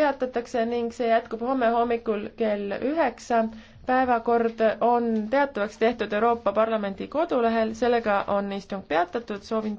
peatatakse ning see jätkub homme hommikul kell üheksa. päevakord on teatavaks tehtud Euroopa Parlamendi kodulehel, sellega on istung peatatud, soovin teile